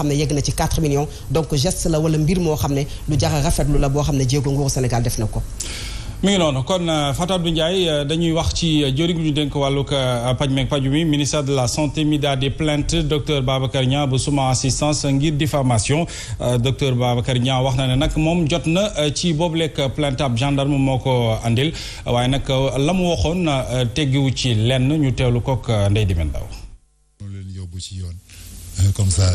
xam ne yegg na ci 4 millions donc geste la wala mbir moo xam ne lu jar a rafetlu la boo xam ne jéego nguuru Sénégal def na ko mi ngi noonu kon euh, Fatou Ndiaye euh, dañuy wax ci euh, jëriñ bu ñu dénk wàllug paj meeg paju mi ministère de la santé mi daal di plainte docteur Babacar Niang bu suma assistance ngir diffamation docteur Babacar Niang wax na ne nag moom jot na ci boobuleeg plainte ab gendarme moo ko andil waaye nag la mu waxoon teggiwu ci lenn ñu teewlu kook Ndeye tegu ci yoon euh, comme sa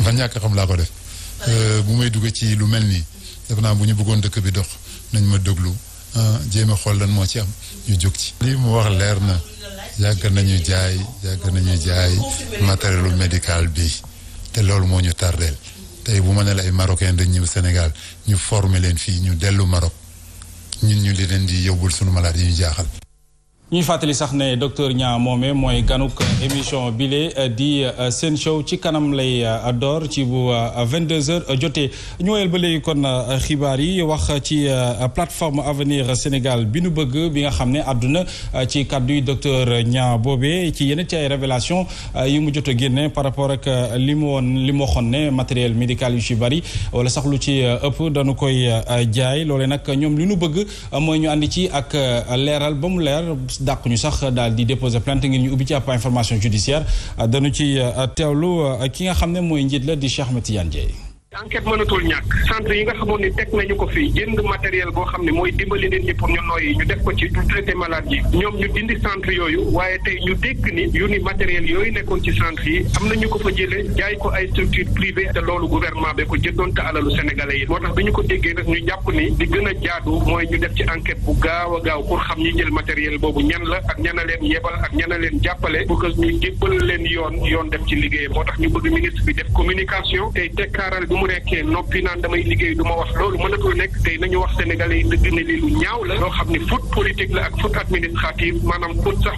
man ñàkk xam laa ko def euh, bu may dugg ci lu mel nii def naa bu ñu bëggoon dëkk bi dox nañ ma déglu ah, jéem a xool lan moo ci am ñu jóg ci. lii mu wax leer na yàgg nañu jaay yàgg nañu jaay matériel médical bi te loolu moo ñu tardeel tey bu ma ne la ay marocain dañ ñëw Sénégal ñu forme leen fii ñu dellu Maroc ñun ñu leen di yóbbul sunu malaat yi ñu jaaxal. ñuy fàttali sax ne docteur Niang moome mooy ganuk émission bile euh, di euh, seen show ci kanam lay euh, door ci bu 22h jotee ñu ba léegi kon xibaar yi wax ci plateforme avenir Sénégal bi nu bëgg bi nga xam ne àdduna ci kàddu yi docteur Niang boobe ci yenn ci ay révélation yi mu jot génne par rapport ak li mu woon li mu waxoon ne matériel médical yu ci bari wala sax lu ci ëpp dañu koy jaay loole nag ñoom li nu bëgg mooy ñu àndi ci ak leeral ba mu leer dàqu sax daal di déposer plainte ngir ñu ubbi ci ab information judiciaire dañu ci euh, teewlu euh, ki nga xam ne mooy njiit la di Cheikh Ahmed Tidiane enquête mënatul ñàkk centre yi nga xamoon ni teg nañu ko fii jënd matériel boo xam ne mooy dimbali nit ñi pour ñu nooyi ñu def ko ci du traité malade ñoom ñu dindi centre yooyu waaye tey ñu dégg ni yu ni matériel yooyu nekkoon ci centre yi am na ñu ko fa jëlee jaay ko ay structure privée te loolu gouvernement bi ko jëndoon te alalu sénégalais yi moo tax bi ñu ko déggee nag ñu jàpp ni di gën a jaadu mooy ñu def ci enquête bu gaaw a gaaw pour xam ñi jël matériel boobu ñan la ak ñan leen yebal ak ñan leen jàppale pour que ñu jébbal leen yoon yoon def ci liggéeyam moo tax ñu bëgg ministre bi def communication tey tekkaaral nekkee noppi naan damay liggéey du ma wax loolu mënatul nekk tey nañu wax sénégalais yi dëgg ne li lu ñaaw la loo xam ne faute politique la ak faute administrative maanaam faute sax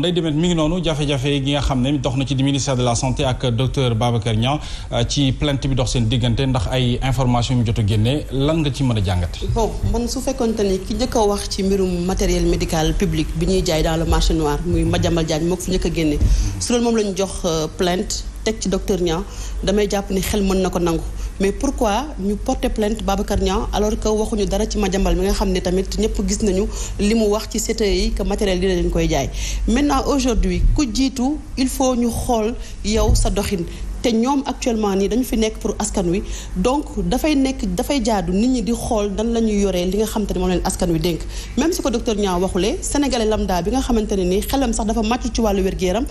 nday demet mi ngi noonu jafe-jafe gi nga xam ne dox na ci di ministère de la santé ak docteur Babacar Niang euh, ci plainte bi dox seen diggante ndax ay information yu mu jot a génne lan nga ci mën a jàngate bon man su fekkonte ni ki njëkk wax ci mbirum matériel médical public bi ñuy jaay dans le marché noir muy Madiambal Diagne moo ko fi njëkk a génne mm-hmm. su loolu moom lañu jox euh, plainte teg ci docteur ñaa damay jàpp ni xel mën na ko nangu mais pour pourquoi ñu porter plainte Babacar Niang alors que waxuñu dara ci ma Madiambal mi nga xam ne tamit ñëpp gis nañu li mu wax ci CTE yi que matériel yi dañ koy jaay maintenant aujourd'hui ku jiitu il faut ñu xool yow sa doxin te ñoom actuellement nii dañu fi nekk pour askan wi donc dafay nekk dafay jaadu nit ñi di xool nan la ñuy yoree li nga xam te ne moom leen askan wi dénk même si ko docteur Niang waxulee sénégalais lambda bi nga xamante ne nii xelam sax dafa màcc ci wàllu wér-gu-yaram